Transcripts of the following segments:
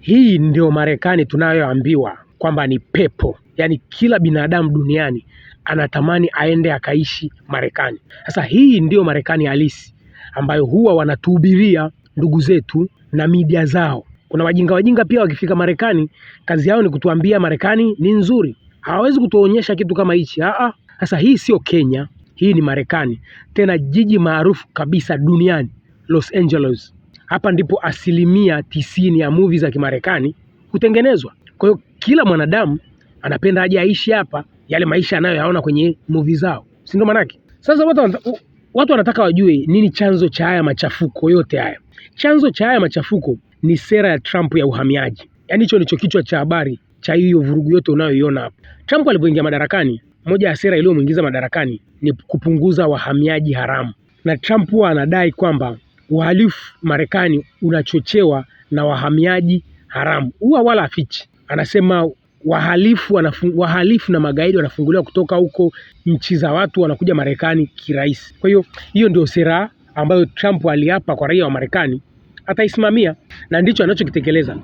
Hii ndio Marekani tunayoambiwa kwamba ni pepo, yaani kila binadamu duniani anatamani aende akaishi Marekani. Sasa hii ndiyo Marekani halisi ambayo huwa wanatuhubiria ndugu zetu na media zao. Kuna wajinga wajinga pia wakifika Marekani, kazi yao ni kutuambia Marekani ni nzuri, hawawezi kutuonyesha kitu kama hichi. Sasa hii sio Kenya, hii ni Marekani, tena jiji maarufu kabisa duniani Los Angeles. Hapa ndipo asilimia tisini ya movie za Kimarekani hutengenezwa. Kwa hiyo kila mwanadamu anapenda aje aishi hapa yale maisha anayoyaona kwenye movie zao, si ndio? Manake sasa watu, watu wanataka wajue nini chanzo cha haya machafuko yote haya. Chanzo cha haya machafuko ni sera ya Trump ya uhamiaji, yaani hicho ndicho kichwa cha habari cha hiyo vurugu yote unayoiona hapa. Trump alipoingia madarakani moja ya sera iliyomwingiza madarakani ni kupunguza wahamiaji haramu, na Trump huwa anadai kwamba uhalifu Marekani unachochewa na wahamiaji haramu, huwa wala afichi, anasema wahalifu wanafung, wahalifu na magaidi wanafunguliwa kutoka huko nchi za watu wanakuja Marekani kirahisi. Kwa hiyo hiyo ndio sera ambayo Trump aliapa kwa raia wa Marekani ataisimamia na ndicho anachokitekeleza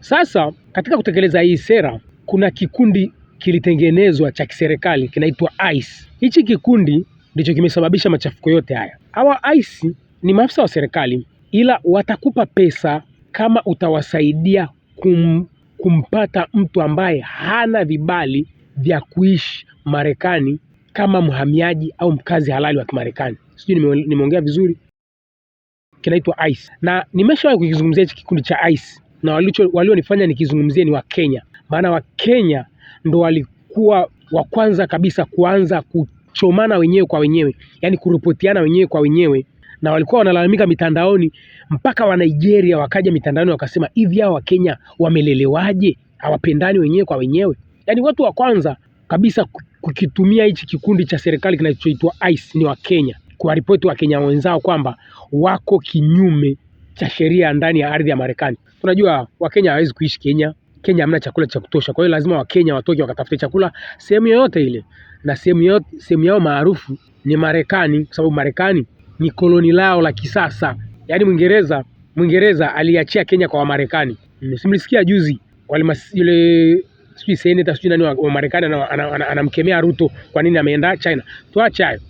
sasa. Katika kutekeleza hii sera, kuna kikundi kilitengenezwa cha kiserikali kinaitwa ICE. Hichi kikundi ndicho kimesababisha machafuko yote haya. Hawa ICE ni maafisa wa serikali, ila watakupa pesa kama utawasaidia kum, kumpata mtu ambaye hana vibali vya kuishi Marekani kama mhamiaji au mkazi halali wa Kimarekani. Sijui nimeongea vizuri. Kinaitwa ICE na nimeshawahi kukizungumzia hichi kikundi cha ICE na walionifanya nikizungumzie ni Wakenya, maana Wakenya ndo walikuwa wa kwanza kabisa kuanza kuchomana wenyewe kwa wenyewe, yani kuripotiana wenyewe kwa wenyewe, na walikuwa wanalalamika mitandaoni mpaka wa Nigeria wakaja mitandaoni wakasema hivi, hao Wakenya wamelelewaje? Hawapendani wenyewe kwa wenyewe. Yaani watu wa kwanza kabisa kukitumia hichi kikundi cha serikali kinachoitwa ICE ni Wakenya, kuwaripoti Wakenya wenzao kwamba wako kinyume cha sheria ndani ya ardhi ya Marekani. Tunajua Wakenya hawawezi kuishi Kenya, Kenya hamna chakula cha kutosha. Kwa hiyo lazima Wakenya watoke wakatafute chakula sehemu yoyote ile, na sehemu yao maarufu ni Marekani, kwa sababu Marekani ni koloni lao la kisasa. Yaani Mwingereza Mwingereza aliachia Kenya kwa Wamarekani. Simlisikia juzi yule sijui seneta sijui nani wa Marekani anamkemea Ruto kwa nini ameenda China. Tuache hayo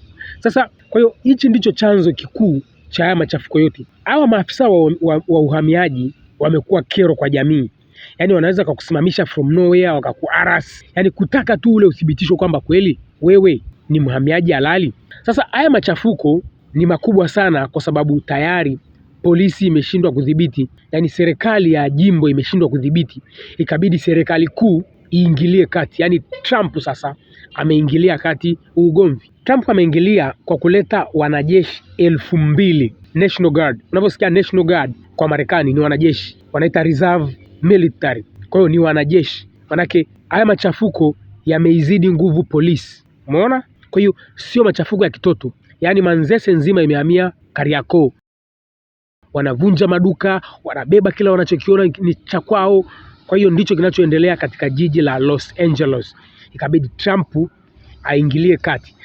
sasa. Kwa hiyo hichi ndicho chanzo kikuu cha haya machafuko yote. Hawa maafisa wa, wa, wa uhamiaji wamekuwa kero kwa jamii yani wanaweza kukusimamisha from nowhere wakakuaras, yani kutaka tu ule uthibitisho kwamba kweli wewe ni mhamiaji halali. Sasa haya machafuko ni makubwa sana, kwa sababu tayari polisi imeshindwa kudhibiti, yani serikali ya jimbo imeshindwa kudhibiti, ikabidi serikali kuu iingilie kati. Yani Trump sasa ameingilia kati ugomvi. Trump ameingilia kwa kuleta wanajeshi elfu mbili National Guard. Unaposikia National Guard kwa Marekani ni wanajeshi wanaita reserve military kwa hiyo ni wanajeshi manake haya machafuko yameizidi nguvu polisi umeona kwa hiyo sio machafuko ya kitoto yaani manzese nzima imehamia kariakoo wanavunja maduka wanabeba kila wanachokiona ni cha kwao kwa hiyo ndicho kinachoendelea katika jiji la los angeles ikabidi trump aingilie kati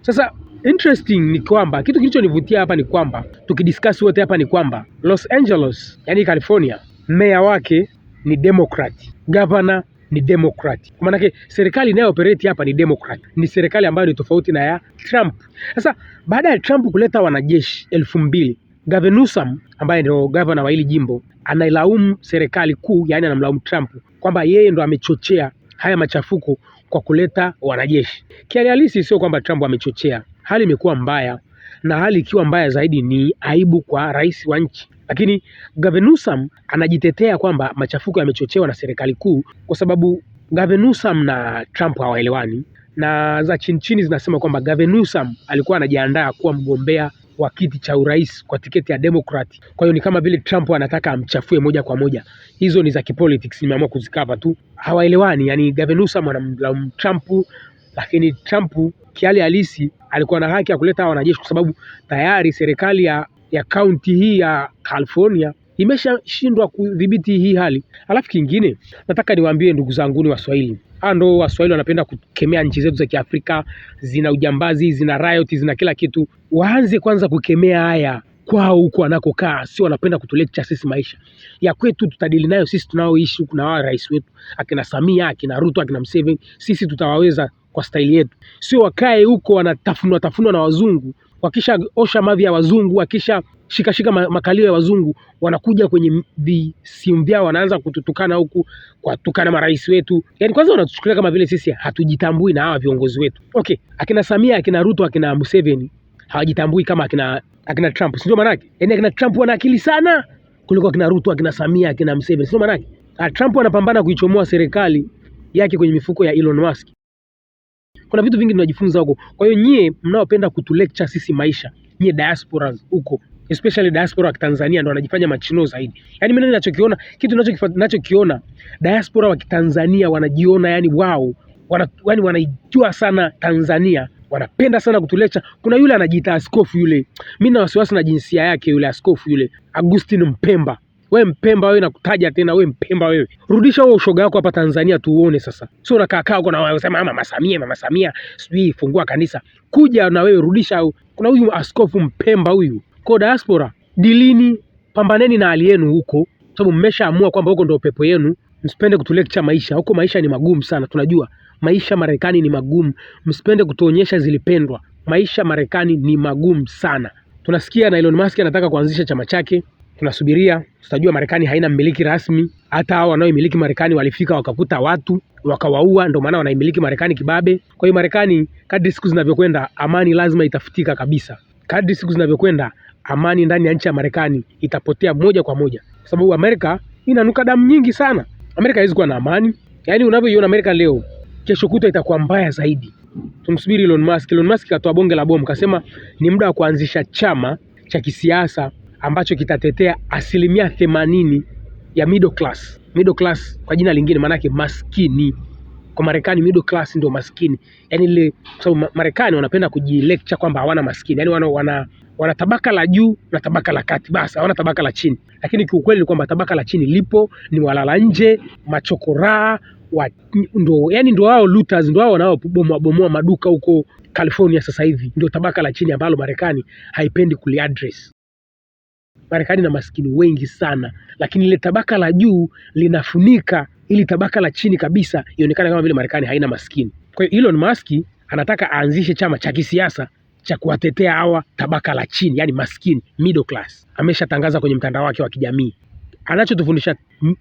sasa interesting ni kwamba kitu kilichonivutia hapa ni kwamba tukidiscuss wote hapa ni kwamba los angeles yani california meya wake ni demokrati gavana ni demokrati Kwa maanake serikali inayo operate hapa ni demokrati, ni serikali ambayo ni tofauti na ya Trump. Sasa baada ya Trump kuleta wanajeshi elfu mbili Gavin Newsom ambaye ndio gavana wa hili jimbo anailaumu serikali kuu, yaani anamlaumu Trump kwamba yeye ndo amechochea haya machafuko kwa kuleta wanajeshi. Kihalisi sio kwamba Trump amechochea, hali imekuwa mbaya na hali ikiwa mbaya zaidi ni aibu kwa rais wa nchi. Lakini Gavin Newsom anajitetea kwamba machafuko yamechochewa na serikali kuu, kwa sababu Gavin Newsom na Trump hawaelewani, na za chini chini zinasema kwamba Gavin Newsom alikuwa anajiandaa kuwa mgombea wa kiti cha urais kwa tiketi ya Democrat. Kwa hiyo ni kama vile Trump anataka amchafue moja kwa moja. Hizo ni za kipolitics, nimeamua kuzikava tu. Hawaelewani, yani Gavin Newsom anamlaumu Trump, lakini Trump kiali halisi alikuwa na haki ya kuleta hawa wanajeshi kwa sababu tayari serikali ya ya kaunti hii ya California imeshashindwa kudhibiti hii hali. Alafu kingine nataka niwaambie ndugu ni Waswahili, hawa ndo Waswahili wanapenda kukemea nchi zetu za Kiafrika, zina ujambazi, zina riot, zina kila kitu. Waanze kwanza kukemea haya kwao huko wanakokaa, sio wanapenda kutuletea sisi maisha ya kwetu, tutadili nayo sisi tunaoishi huku na wao rais wetu akina Samia akina Ruto akina Museveni, sisi tutawaweza kwa staili yetu, sio wakae huko wanatafunwa tafunwa na wazungu, wakisha osha mavi ya wazungu, wakisha shikashika makalio ya wazungu, wanakuja kwenye visimu vyao wanaanza kututukana huku, kuwatukana marais wetu. Yani kwanza wanatuchukulia kama vile sisi hatujitambui na hawa viongozi wetu. Okay, akina Samia, akina Ruto, akina Museveni hawajitambui kama akina akina Trump, si ndio maanake? Yani akina Trump wana akili sana kuliko akina Ruto, akina Samia, akina Museveni, si ndio maanake? Ah, Trump anapambana kuichomoa serikali yake kwenye mifuko ya Elon Musk. Kuna vitu vingi tunajifunza huko. Kwa hiyo nyie mnaopenda lecture sisi maisha, nyie diaspora huko, especially diaspora wa Kitanzania ndio wanajifanya machino zaidi. Yaani mimi ninachokiona, kitu ninachokiona, diaspora wa Kitanzania wanajiona yani wao, wana, yani wanaijua sana Tanzania wanapenda sana kutulecha. Kuna yule anajiita askofu yule, mi na wasiwasi na jinsia yake yule askofu yule, Augustine Mpemba. We Mpemba wewe, nakutaja tena we Mpemba wewe, rudisha huo ushoga wako hapa Tanzania tuuone sasa. Sio unakaa kaa huko na wanasema mama Samia, mama Samia sijui fungua kanisa. Kuja na wewe rudisha. Kuna huyu askofu Mpemba huyu. Kwa diaspora, dilini, pambaneni na hali yenu huko, sababu mmeshaamua kwamba huko ndio pepo yenu. Msipende kutulekcha maisha huko, maisha ni magumu sana, tunajua maisha Marekani ni magumu. Msipende kutuonyesha zilipendwa, maisha Marekani ni magumu sana. Tunasikia na Elon Musk anataka kuanzisha chama chake tunasubiria, tutajua. Marekani haina mmiliki rasmi, hata hao wanaoimiliki Marekani walifika wakakuta watu wakawaua, ndio maana wanaimiliki Marekani kibabe. Kwa hiyo Marekani, kadri siku zinavyokwenda, amani lazima itafutika kabisa. Kadri siku zinavyokwenda, amani ndani ya nchi ya Marekani itapotea moja kwa moja, kwa sababu Amerika inanuka damu nyingi sana. Amerika haiwezi kuwa na amani, yaani unavyoiona Amerika leo, kesho kutwa itakuwa mbaya zaidi. Tumsubiri Elon Musk. Elon Musk katoa bonge la bomu, kasema ni muda wa kuanzisha chama cha kisiasa ambacho kitatetea asilimia themanini ya middle class. Middle class kwa jina lingine maanake maskini. Kwa Marekani middle class ndio maskini, yani ile, kwa sababu Marekani wanapenda kujilecture kwamba hawana maskini, yani wana, wana, wana tabaka la juu na tabaka la kati, basi hawana tabaka la chini. Lakini kiukweli ni kwamba tabaka la chini lipo, ni walala nje, machokoraa wa, ndo, yani ndo wao looters, ndo wao wanaobomoa bomoa maduka huko California sasa hivi, ndio tabaka la chini ambalo Marekani haipendi kuliaddress. Marekani na maskini wengi sana, lakini ile tabaka la juu linafunika ili tabaka la chini kabisa ionekane kama vile Marekani haina maskini. Kwa hiyo Elon Musk anataka aanzishe chama cha kisiasa cha kuwatetea hawa tabaka la chini, yani maskini, middle class. Ameshatangaza kwenye mtandao wake wa kijamii. Anachotufundisha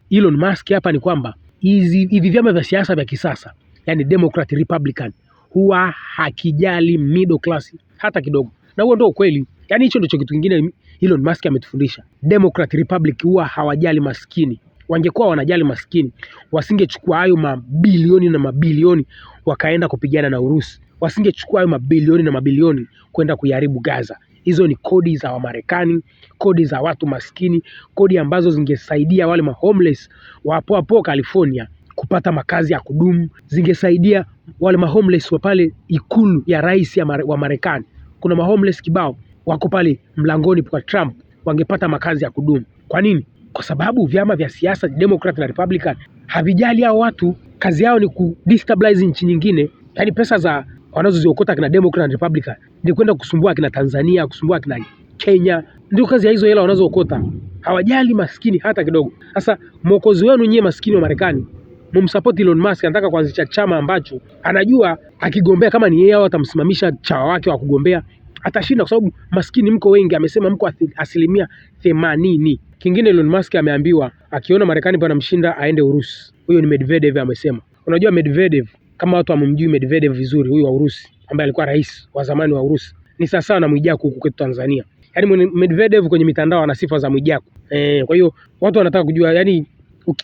Elon Musk hapa ni kwamba hivi vyama vya siasa vya kisasa, yani Democrat, Republican, huwa hakijali middle class hata kidogo, na huo ndio ukweli. Yani hicho ndicho kitu kingine Elon Musk ametufundisha. Democrat Republic huwa hawajali maskini. Wangekuwa wanajali maskini, wasingechukua hayo mabilioni na mabilioni wakaenda kupigana na Urusi, wasingechukua hayo mabilioni na mabilioni kwenda kuiharibu Gaza. Hizo ni kodi za Wamarekani, kodi za watu maskini, kodi ambazo zingesaidia wale ma homeless wa hapo California kupata makazi ya kudumu, zingesaidia wale ma homeless wa pale ikulu ya rais wa Marekani. Kuna ma homeless kibao wako pale mlangoni kwa Trump wangepata makazi ya kudumu. Kwa nini? Kwa sababu vyama vya siasa Democrat na Republican havijali hao watu, kazi yao ni kudestabilize nchi nyingine. Yaani pesa za wanazoziokota kina Democrat na Republican ni kwenda kusumbua kina Tanzania, kusumbua kina Kenya, ndio kazi ya hizo hela wanazookota. Hawajali maskini hata kidogo. Sasa mwokozi wenu nyie maskini wa Marekani, mumsupport Elon Musk, anataka kuanzisha chama ambacho anajua akigombea, kama ni yeye au atamsimamisha chawa wake wa kugombea, atashinda kwa sababu maskini mko wengi, amesema mko asilimia themanini. Kingine Elon Musk ameambiwa akiona Marekani panamshinda aende Urusi. Huyo ni Medvedev amesema. Unajua Medvedev kama watu wamemjui Medvedev vizuri, huyu wa Urusi ambaye alikuwa rais wa zamani wa Urusi, ni sawasawa na Mwijaku huku kwetu Tanzania. Yaani Medvedev kwenye mitandao ana sifa za Mwijaku e, kwa hiyo watu wanataka kujua yani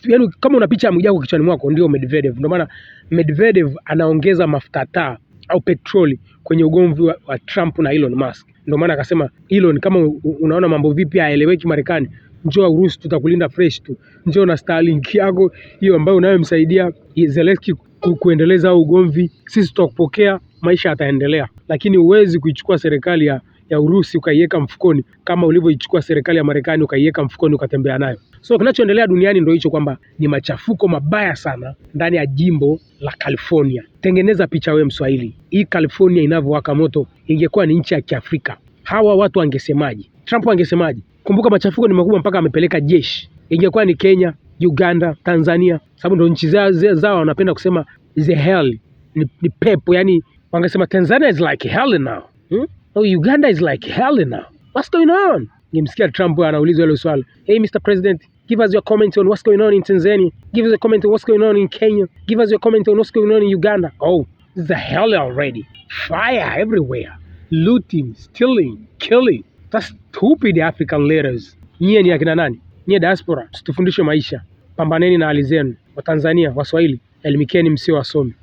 Yani, kama una picha ya Mwijaku kichwani mwako ndio Medvedev. Ndio maana Medvedev anaongeza mafuta taa au petroli kwenye ugomvi wa, wa Trump na Elon Musk. Ndio maana akasema Elon, kama unaona mambo vipi haeleweki Marekani, njoo Urusi, tutakulinda fresh tu, njoo na Starlink yako hiyo ambayo unayomsaidia Zelensky kuendeleza ugomvi, sisi tutakupokea, maisha yataendelea. Lakini huwezi kuichukua serikali ya ya Urusi ukaiweka mfukoni kama ulivyoichukua serikali ya Marekani ukaiweka mfukoni ukatembea nayo. So kinachoendelea duniani ndio hicho, kwamba ni machafuko mabaya sana ndani ya jimbo la California. Tengeneza picha wewe Mswahili, hii California inavyowaka moto, ingekuwa ni nchi ya Kiafrika, hawa watu wangesemaje? Trump angesemaje? Kumbuka machafuko ni makubwa mpaka amepeleka jeshi. Ingekuwa ni Kenya, Uganda, Tanzania, sababu ndio nchi zao, wanapenda kusema the hell ni, ni pepo, yani wangesema Tanzania is like hell now hmm? No, Uganda is like hell now. What's going on? Nimsikia Trump anaulizwa hilo swali. Hey Mr. President, give us your comment on what's going on in Tanzania. Give us a comment on what's going on in Kenya. Give us your comment on what's going on in Uganda. Oh, this is a hell already. Fire everywhere. Looting, stealing, killing. That's stupid African leaders. Nyie ni akina nani? Nyie diaspora, msitufundishe maisha. Pambaneni na hali zenu. Watanzania, Waswahili, elimikeni msio wasomi.